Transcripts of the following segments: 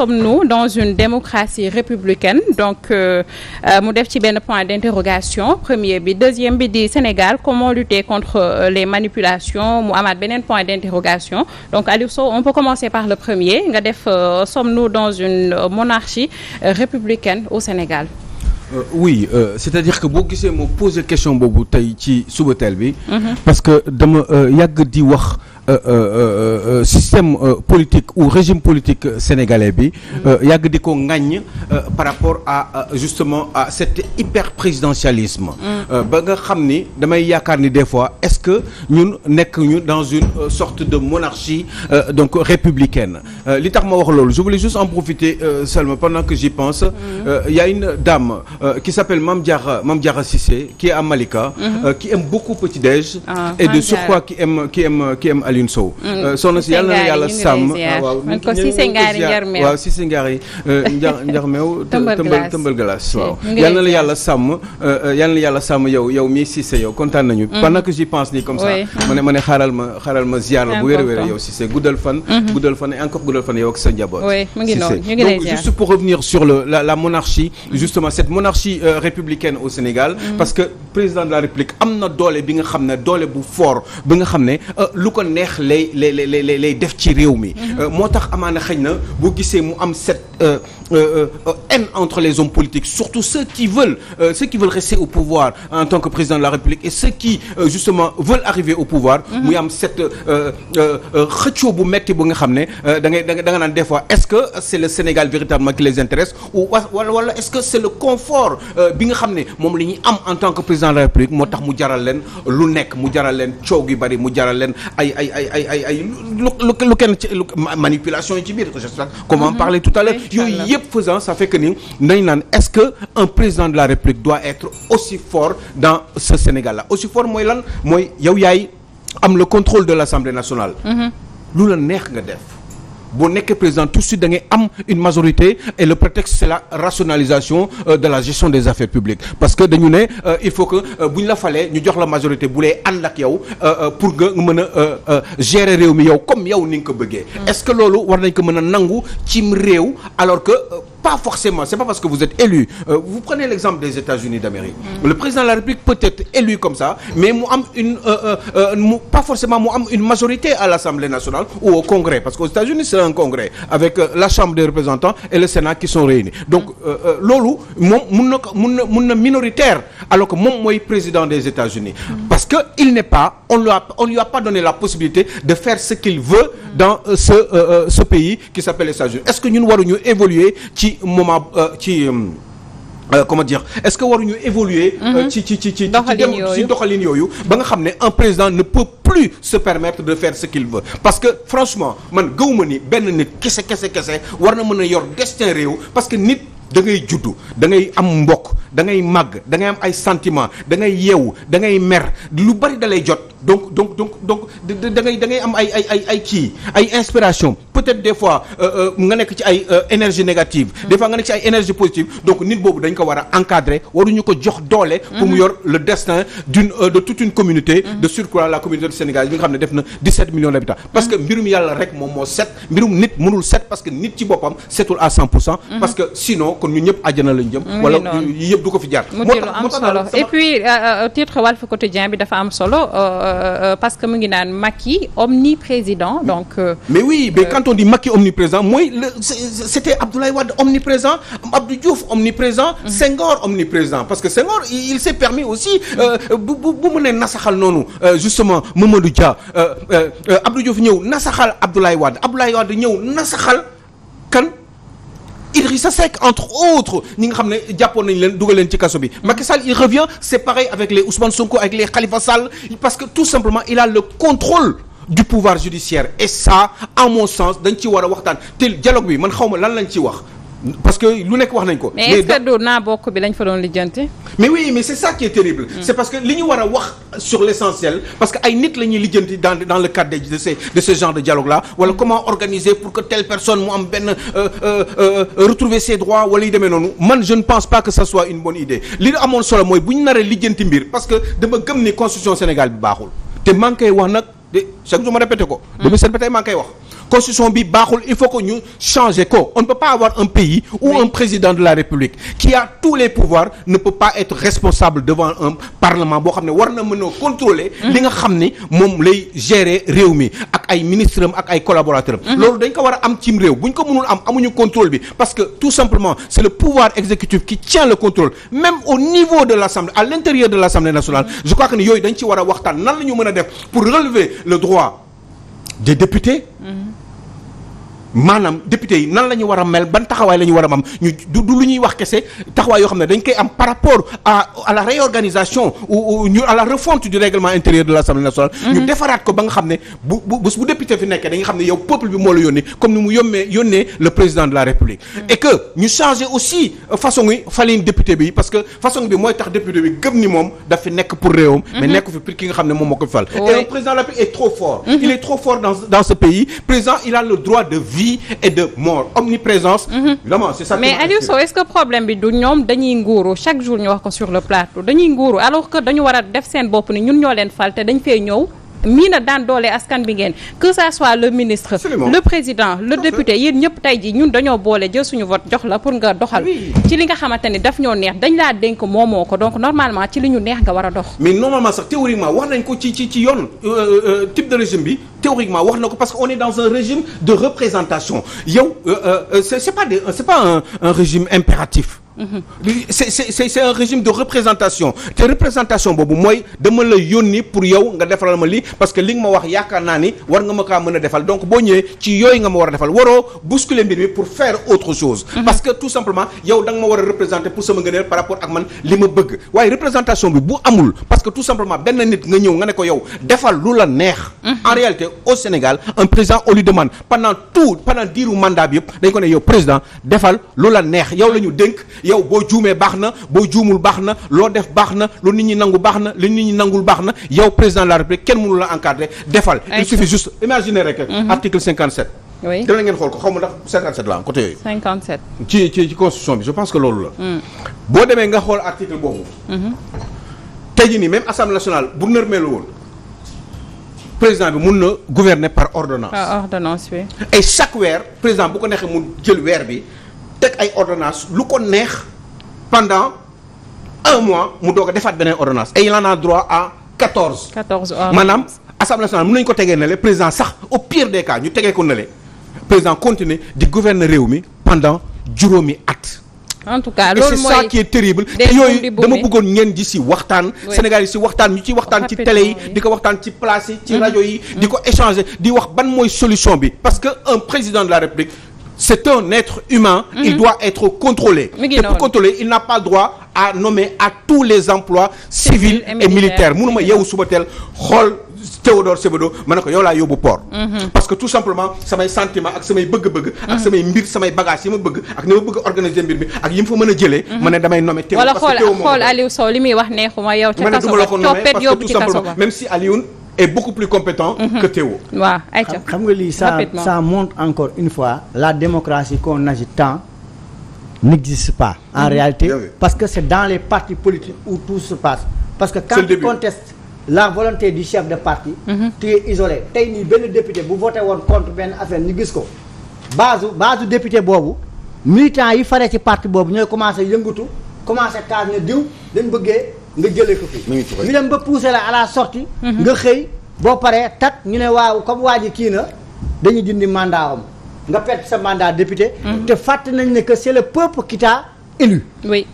sommes-nous dans une démocratie républicaine donc euh, euh, mu def ci benn point d'interrogation premier bi deuxième bi di Sénégal comment lutter contre euh, les manipulations mu amaat beneen point d'interrogation donc Aliou Sow on peut commencer par le premier nga def sommes-nous dans une monarchie républicaine au Sénégal Euh, oui euh, c'est-à-dire que boo gisee moo poser question boobu tey ci suba bi. Mm-hmm. parce que dama yàgg di wax. Euh, euh, euh, système politique ou régime politique sénégalais bi yàgg di ko ŋàññ par rapport à justement à cet hyper présidentialisme mm. ba nga xam ni damay yaakaar ni des fois est-ce que ñun nekk ñu dans une sorte de monarchie donc républicaine li tax ma wax loolu je voulais juste en profiter seulement pendant que j'y pense il mm. a une dame qui s'appelle Mame Diarra Mame qui est à Malika mm-hmm. qui aime beaucoup petit déj ah, et de surcroît qui aime qui Alioune Sow. Mm. Euh, soxna si yàlla na yàlla sàmm. Ah, waaw man ko Cissé Ngari Ndiarmew waaw Cissé Ngari Ndiarmew. tëmbal tëmbal glace waaw. yàlla na la yàlla sàmm euh, euh, yàlla na yàlla sàmm yow yow mii Cissé yow kontaan nañu. Mm. pendant que j'y pense nii comme ça. ma ne ma ne xaaral ma xaaral ma ziar la bu wér a wér yow Cissé guddal fan. Mm-hmm. guddal fan et encore guddal fan yow ak sa njaboot. Cissé donc juste pour revenir monarchie mm-hmm. républicaine au Sénégal mm-hmm. parce que président de la République am na doole bi nga xam ne doole bu fort bi nga xam ne lu ko neex xeex lay lay lay def ci réew mi. Mhm. Euh, moo tax amaana xëy na boo gisee mu am set. Euh, Euh, euh, haine entre les hommes politiques surtout ceux qui veulent euh, ceux qui veulent rester au pouvoir en tant que président de la République et ceux qui justement veulent arriver au pouvoir mhm. muy am cette xëccoo bu metti bu nga xam ne da ngay da nga naan des fois est-ce que c'est le Sénégal véritablement qui les intéresse ou wala wala est-ce que c'est le confort bi nga xam ne moom la ñuy am en tant que président de la République moo tax mu jaral leen lu nekk mu jaral leen coow gi bari mu jaral leen ay ay ay ay ay lu lu kenn ci manipulation yi ci biir je sais yëpp faisant ça fait que ni nañ naan est-ce que un président de la République doit être aussi fort dans ce Sénégal là aussi fort mooy lan mooy yow yaay am le contrôle de l'Assemblée nationale. Mm-hmm. lu la neex nga def. boo nekkee président tout de suite da ngay am une majorité et le prétexte c'est la rationalisation euh, de la gestion des affaires publiques parce que dañu ne euh, il faut que euh, bu la falee ñu jox la majorité bu lay ànd ak yow pour nga mën a gérer réew mi yow comme yow ni nga ko bëggee mm. est-ce que loolu war nañ ko mën a nangu cim réew alors que pas forcément c'est pas parce que vous êtes élu euh, vous prenez l'exemple des États-Unis d'Amérique mm. le président de la République peut être élu comme ça mais mu am une euh, euh, euh mu pas forcément am une majorité à l'Assemblée nationale ou au Congrès parce qu'aux États-Unis c'est un Congrès avec euh, la Chambre des représentants et le Sénat qui sont réunis donc mm. euh, loolu moom mun na ko mun na mun na minoritaire alors que moom mooy président des États-Unis mm. parce que il n'est pas on lui a on lui a pas donné la possibilité de faire ce qu'il veut dans euh, ce euh, euh, ce pays qui s'appelle les est-ce que ñun waruñu évoluer ci moment euh, ci Euh, comment dire est-ce que waruñu évoluer. Mhm. ci ci ci ci dem ci doxalin yooyu. ba nga xam ne un président ne peut plus se permettre de faire ce qu'il veut parce que franchement man gëwuma ni benn nit kese kese kese war na mën a yor destin réew parce que nit. da ngay juddu da ngay am mbokk dangay ngay màgg da am ay sentiment da ngay yeewu da ngay mer lu bari da lay jot donc donc donc donc da ngay da ngay am ay ay kii ay inspiration peut-être des fois euh, euh, nga nekk ci ay euh, énergie négative des fois nga nekk ci ay énergie positive donc nit boobu dañ ko war a encadrer waruñu ko jox doole pour mu mhm. yor le destin d'une de toute une communauté de mhm. surcroît la communauté du Sénégal bi nga xam ne def na 17 millions d'habitants parce que mhm. nit mënul set kon ñun ñëpp àjjana lañ jëm wala yi yëpp du ko fi jaar mu di lu am solo et puis euh, euh, titre Walf Quotidien bi dafa am solo euh, parce que mu ngi naan Macky président donc mais oui mais quand on dit Macky omniprésent mooy le c'était Abdoulaye Wade omniprésent Abdou Diouf omniprésent mhm. Senghor omniprésent parce que Senghor il s'est permis aussi bu bu mu ne nasaxal noonu justement Mamadou Dia Abdou Diouf ñëw nasaxal Abdoulaye Wade Abdoulaye Wade ñëw nasaxal kan Idrissa Seck entre autres ñi nga xam ne jàppoon nañ leen dugal leen ci kaso bi Macky Sall il revient c'est pareil avec les Ousmane Sonko avec les Khalifa Sall parce que tout simplement il a le contrôle du pouvoir judiciaire et ça à mon sens dañ ci war a waxtaan te dialogue bi man xaw ma lan lañ ci wax parce que lu nekk wax nañ ko. mais est-ce naa bokk bi lañ fa doon lijjanti. mais oui mais c'est ça qui est terrible. Mm. c'est parce que li ñu war a wax sur l'essentiel parce que ay nit la ñuy lijjanti dans dans le cadre de ces ce genre de dialogue là wala mm. comment organiser pour que telle personne mu am benn euh, euh, euh, retrouver ses droits wala yu demee noonu man je ne pense pas que ça soit une bonne idée li amoon solo mooy bu ñu naree lijjanti mbir parce que dama gëm ni constitution constitution bi baaxul il faut que ñu changer ko on ne peut pas avoir un pays où oui. un président de la république qui a tous les pouvoirs ne peut pas être responsable devant un parlement boo xam ne war na mën contrôler mm. li nga xam ni moom lay gérer réew mi ak ay ministre am ak ay collaborateur am mm-hmm. loolu dañ ko war a am cim bu ñu ko mënul am amuñu contrôle bi parce que tout simplement c'est le pouvoir exécutif qui tient le contrôle même au niveau de l'assemblée mm-hmm. a a def pour maanaam député yi nan la ñu war a mel ban taxawaay la ñu war a am ñu du lu ñuy wax kese taxawaay yoo xam ne dañ koy am par rapport à à la réorganisation ou ñu à la refonte du règlement intérieur de l'Assemblée nationale. Mm-hmm. ñu defaraat ko ba nga xam ne bu bu bu député fi nekkee dañuy xam ne yow peuple bi moo la yónnee comme ni mu yommee le président de la République. Mm-hmm. et que ñu changer aussi euh, façon yi falin député bi parce que façon bi mooy tax député bi gëm nekk pour réewam. Mm-hmm. ne moom moo ko fal. et le président de vie et de mort omniprésence. Mhm. vraiment c'est ça. mais Aliou Sow est-ce que problème bi du ñoom dañuy nguuru chaque jour ñu wax ko sur le plateau dañuy nguuru alors que dañu war a def seen bopp ni ñun ñoo leen fal te dañ fee ñëw. miin a daan doole askan bi ngeen que ça soit le ministre Absolument. le président le Tout député yéen ñëpp tey ji ñun dañoo boole jël suñu vote jox la pour nga doxal ci li nga xamante ni daf ñoo neex dañ laa dénk moomoo ko donc normalement ci li ñu neex nga war a dox mais normalement sax théoriquement wax nañ ko ci ci ci yoon euh, euh, euh, type de régime bi théoriquement wax na ko parce que on est dans un régime de représentation yow c'est pas c'est pas un régime impératif c'est c'est c'est un régime de représentation te représentation boobu mooy dama la yónni pour yow nga defaral ma lii parce que li nga ma wax yaakaar naa ni war nga ma kaa mën a defal donc boo ñëwee ci yooyu nga ma war a defal waroo bousculer mbir mi pour faire autre chose mhm. parce que tout simplement yow da nga ma war a représenter pour sama a par rapport ak man li ma bëgg waaye représentation bi bu amul parce que tout simplement benn nit nga ñëw nga ne ko yow defal lu la neex mhm. en réalité au Sénégal un président on lui demande pendant tout pendant diiru mandat ko ne yow président defal lu la neex yow la ñu dénk yow boo juumee baax na boo juumul baax na loo def baax na lu nit ñi nangu baax na li nit ñi nangul baax na yow président la république kenn munu la encadrer defal il suffit juste imaginer rek mhm. article 57 oui ngeen xool ko xaw ma ndax 57 la yooyu. ci ci ci constitution bi je pense que loolu la. Mm. boo demee nga xool article boobu. Mhm. tey jii nii même assemblée nationale bu nërmeelu woon président bi mun na gouverner par ordonnance. par ordonnance oui. chaque weer président bu ko neexee mu jël weer bi. teg ay ordonnance lu ko neex pendant un mois mu doog a defaat beneen ordonnance et il en a droit à quatorze maanaam assemblée nationale mën nañu ko tegee nale président sax au pire des cas ñu tegee ko nale président continuer di gouverner réew mi pendant juróomi at en tout cas loolu mooy c'est ça qui yooyu dama bëggoon ngeen ji si waxtaan Sénégal yi si waxtaan ñu ci waxtaan ci télé yi di ko waxtaan ci place yi ci mm-hmm. rajo yi di mm-hmm. ko échanger di wax ban mooy solution bi parce que un président de la c'est un être humain. Mm -hmm. il mhm. doit être contrôlé. te pour contrôler il n'a pas droit à nommer à tous les emplois civils et militaires munuma yeewu suba teel xool Théodore Sebedo ma ne ko yow laa yóbbu port. Mhm. parce que tout simplement samay sentiment ak samay bëgg-bëgg. ak mhm. samay mbir samay bagage yi ma bëgg ak ni ma bëgg organiser mbir bi ak yi ma fa mën a jëlee. ma ne damay nommer Théo parce que Théo moom wala xool li muy wax neexuma yow. ci kaso ba toppet yóbbu ci kaso est beaucoup plus compétent mhm. que Théo. waaw ayca xam nga lii ça ça montre encore une fois la démocratie qu'on agit tant n'existe pas en mhm. réalité parce que c'est dans les partis politiques où tout se passe parce que quand tu contestes la volonté du chef de parti mhm. tu es tey nii benn député bu voté woon contre benn affaire ñu gis ko base base député boobu militants yi faree ci parti boobu ñooy commencé yëngatu commencé taas ne diw dañ nga jëlee ko fi. ñu dem ba pousser la à la sortie mhm. nga xëy boo paree tat ñu ne waaw comme waa ji kii na dañuy dindi mandat am nga perte sa mandat député. Mhm. te fàtte nañ ne que c'est le peuple qui t'a élu. oui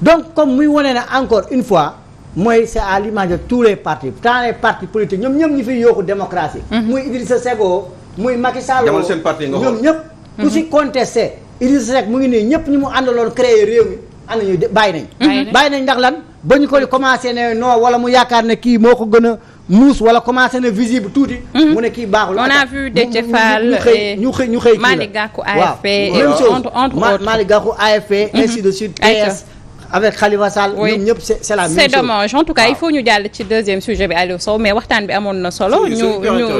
donc comme muy wane na encore une fois. mooy c'est à l'image de tous les partis tant les partis politiques ñoom ñëpp ñu fiy yooku démocratie. Mhm. muy Idrissa Seck oo muy Macky Sall oo ñoom ñëpp. ku si contesté Idrissa Seck mu ngi nii ñëpp ñu mu àndaloon créer réew mi ànd nañu bàyyi nañ. bàyyi nañ ba ñu koy commencé ne non wala mu yaakaar ne kii moo ko gën a muus wala commencé ne visible tuuti. Mhm. mu ne kii baaxul. on a vu Déthié Fall et ñu xëy ñu xëy Malick Gakou AFP. même chose Malick Gakou AFP. ainsi de suite PS. avec Khalifa Sall. oui ñoom ñëpp c' la même chose c' est en tout cas il faut ñu jàll ci deuxième sujet bi Aliou Sow mais waxtaan bi amoon na solo. ñu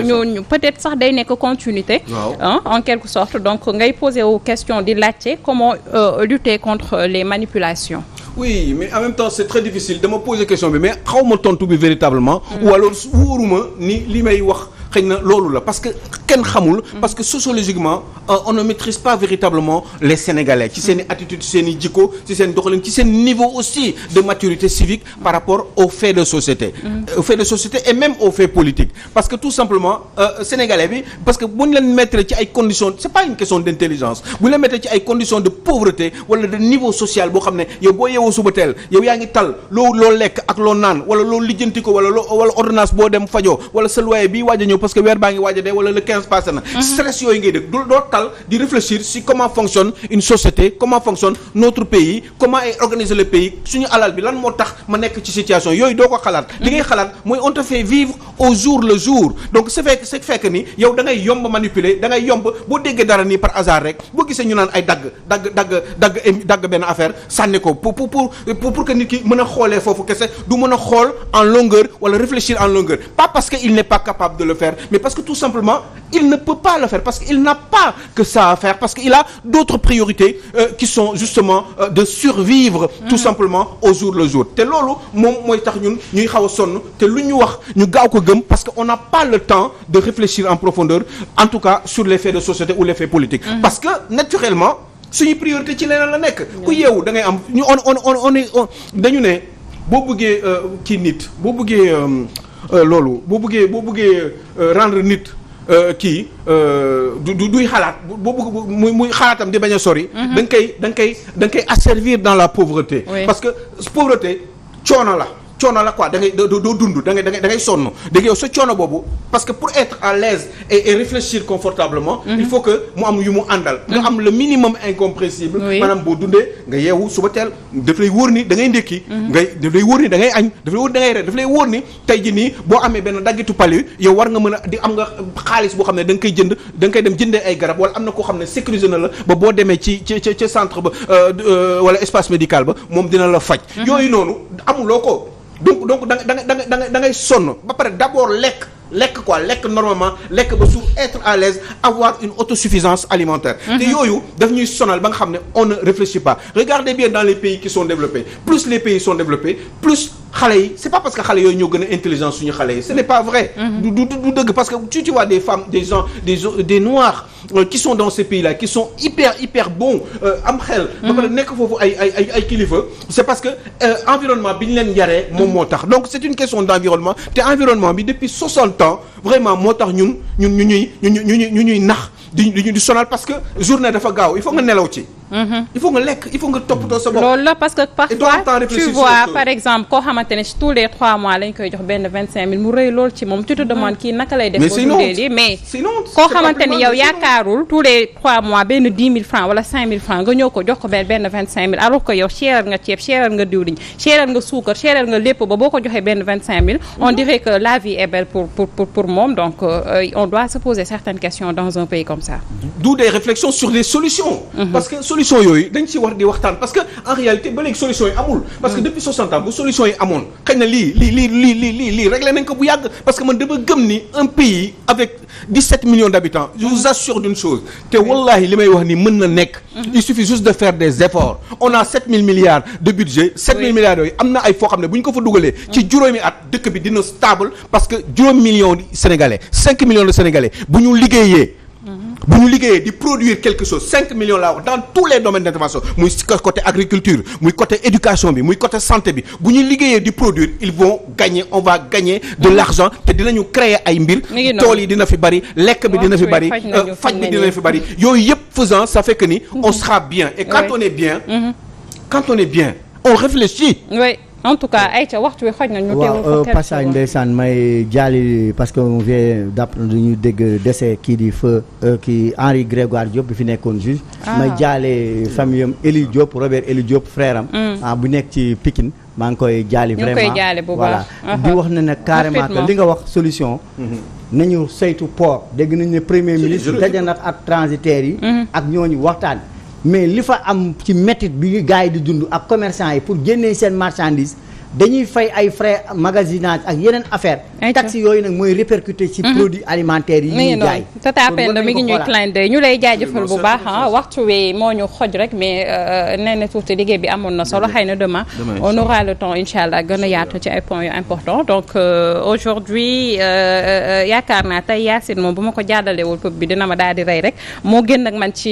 ñu ñu peut-être sax day nekk continuité. en quelque sorte donc ngay poser aux questions di laajte comment euh, lutter contre les manipulations. oui mais en même temps c'est très difficile dama poser question bi mais xaw ma tontu bi véritablement. ou alors wóoruma ni li may wax. xëy na loolu la parce que kenn xamul parce que sociologiquement euh, on ne maîtrise pas véritablement les Sénégalais ci seen i attitude ci seen i jikko ci seen doxalin ci seen niveau aussi de maturité civique par rapport aux faits de société mm-hmm. euh, aux faits de parce que tout simplement euh, Sénégalais bi parce que bu ñu leen mettre ci ay conditions c'est pas une question d'intelligence bu ñu leen mettre ci ay conditions de pauvreté wala de niveau social boo xam ne yow boo yeewoo suba teel yow yaa ngi tal loo loo lekk ak ko wala loo wala ordonnance boo dem a ñëw parce que weer baa ngi waaj a dee wala le 15 passé na. Mhm. stress yooyu ngay dëkk doo tal di réfléchir si comment fonctionne une société comment fonctionne notre pays comment est organisé le pays suñu alal bi lan moo tax ma nekk ci situation yooyu doo ko xalaat. li ngay xalaat mooy on te fait vivre au jour le jour donc su fekk su fekk ni yow da ngay yomb manipuler da yomb boo déggee dara nii par hasard rek boo gisee ñu naan ay dagg dagg dagg dagg dagg benn affaire sànni ko pour pour pour pour que a xoolee foofu kese du mën a xool en longueur wala réfléchir en mais parce que tout simplement il ne peut pas le faire parce qu'il n'a pas que ça à faire parce qu'il a d'autres priorités euh, qui sont justement euh, de survivre mhm. tout simplement au jour le jour te loolu moom mooy tax ñun ñuy xaw a sonn te lu ñu wax ñu gaaw ko gëm parce que on n'a pas le temps de réfléchir en profondeur en tout cas sur les faits de société ou les faits politiques mhm. parce que naturellement suñu priorité ci leneen la nekk ku yeewu da am ñu on on ne boo bëggee euh, kii nit boo bëggee Euh, loolu boo buggee boo buggee euh, rendre nit euh, kii du du duy xalaat boo bëgg muy muy xalaatam di bañ a sori. Mhm. da nga koy da koy da koy asservir dans la pauvreté. parce que pauvreté coono la. coono la quoi da ngay doo dund da ngay da ngay da ngay sonn dégg yow sa boobu parce que pour être à l'aise et, et réfléchir confortablement mhm. il faut que mu am yu mu àndal nga mhm. am le minimum incompressible maanaam boo dundee nga yeewu suba teel daf lay wóor ni da ngay ndékki mhm. ngay daf lay wóor ni da ngay añ daf lay wóor ni da ngay reer tey ji nii boo amee benn daggitu pali yow war nga mën a di am nga xaalis boo xam ne danga nga koy jënd da nga dem jëndee ay garab wala am na koo xam ne sécurisé na la ba boo demee ci ci centre ba euh, euh, wala espace médical ba moom dina la faj yooyu noonu amuloo ko donc donc da nga da da nga da ngay sonn ba pare d'abord lekk lekk quoi lekk normalement lekk ba suur être à l'aise avoir une autosuffisance alimentaire mhm. te yooyu daf ñuy sonal ba nga xam ne on ne réfléchit pas regardez bien dans les pays qui sont développés plus les pays sont développés xale yi c'est pas parce que xale yooyu ñoo gën a intelligent suñu xale yi ce n'est pas vrai mm-hmm. du dëgg parce que tu tu vois des femmes des gens des noirs euh, qui sont dans ces pays là qui sont hyper hyper bons euh, am xel mm-hmm. ba pare nekk foofu ay ay ay kilifa c'est parce que euh, environnement bi ñu leen yaree moom moo tax donc c'est une question d'environnement te environnement bi depuis 60 ans vraiment moo tax ñun ñun ñu ñuy ñu ñu ñu ñuy nax di di sonal parce que journée dafa gaaw il faut nga nelaw ci il faut nga lekk la parce que par exemple koo xamante tous les 3 mois lañ koy jox benn 25000 mu rëy lool ci moom tu te demandes naka lay def. mais sinon mais koo xamante ne yaakaarul tous les 3 mois benn 10 000 wala 5 nga ñëw ko jox ko benn benn 25000 alors que yow nga ceeb seeral nga diwliñ seeral nga suukar seeral nga lépp ba boo ko joxee benn 25000. on mhm. dirait que la vie est pour moom donc euh, on doit se poser certaines questions dans un pays solution yooyu dañ ci war di waxtaan parce que en réalité ba léegi solution yi amul. parce que hmm. depuis 60 ans bu solution yi amoon xëy na lii lii lii lii lii nañ ko bu yàgg parce que man dama gëm ni un pays avec 17 millions d'habitants je vous assure d'une chose te hmm. wallahi li may wax ni mën na nekk. Hmm. il suffit juste de faire des efforts on a 7000 milliards de budget. 7000 milliards yooyu am na ay foo ne bu ñu ko fa dugalee. ci juróomi at de Sénégalais bu ñu liggéeyee di produire quelque chose cinq millions laa wax dans tous les domaines d'intervention muy côté agriculture muy côté éducation bi muy côté santé bi bu ñu liggéeyee di produire ils vont gagner on va gagner de mm-hmm. l'argent te dinañu créer ay mbir tool yi dina fi bari lekk bi dina fi bari euh, faj bi dina fi bari mm-hmm. yooyu yëpp faisant ça fait que ni on mm-hmm. sera bien et quand on est bien quand on est bien on réfléchit en tout cas Aïcha waxtu wi xoj na ñu teewul euh, passage ndeysaan may jaali parce que on vient ñu dégg décès kii di feu euh, kii Henri Grégoire Diop bi fi nekkoon juge ah. may jaale famille am Eli Diop Robert Eli Diop frère mm. ah, bu nekk ci Pikine maa ngi koy jaali vraiment voilà di wax na ne carrément li nga wax solution mhm. nañu saytu port dégg nañ ne premier ministre daje na ak transitaires yi mhm. ak ñooñu waxtaan mais li fa am ci métit bi gars yi di dund ak commercant yi pour génnee seen marchandise dañuy fay ay frais magasinage ak yeneen affaire taxes yooyu nag mooy répercuté ci mhm. produits alimentaires yi ñuy jaay tata Penda mi ngi ñuy clin d'œil ñu lay jaajëfal bu baax ah, waxtu wee moo ñu xoj rek mais euh, nee na tuuti liggéey bi amoon na solo xëy na demain on aura le temps incha allah gën a yaatu ci ay points yu important donc euh, aujourd'hui euh, yaakaar naa tey Yacine moom bu ma ko jàllalewul pub bi dina ma daal di rey rek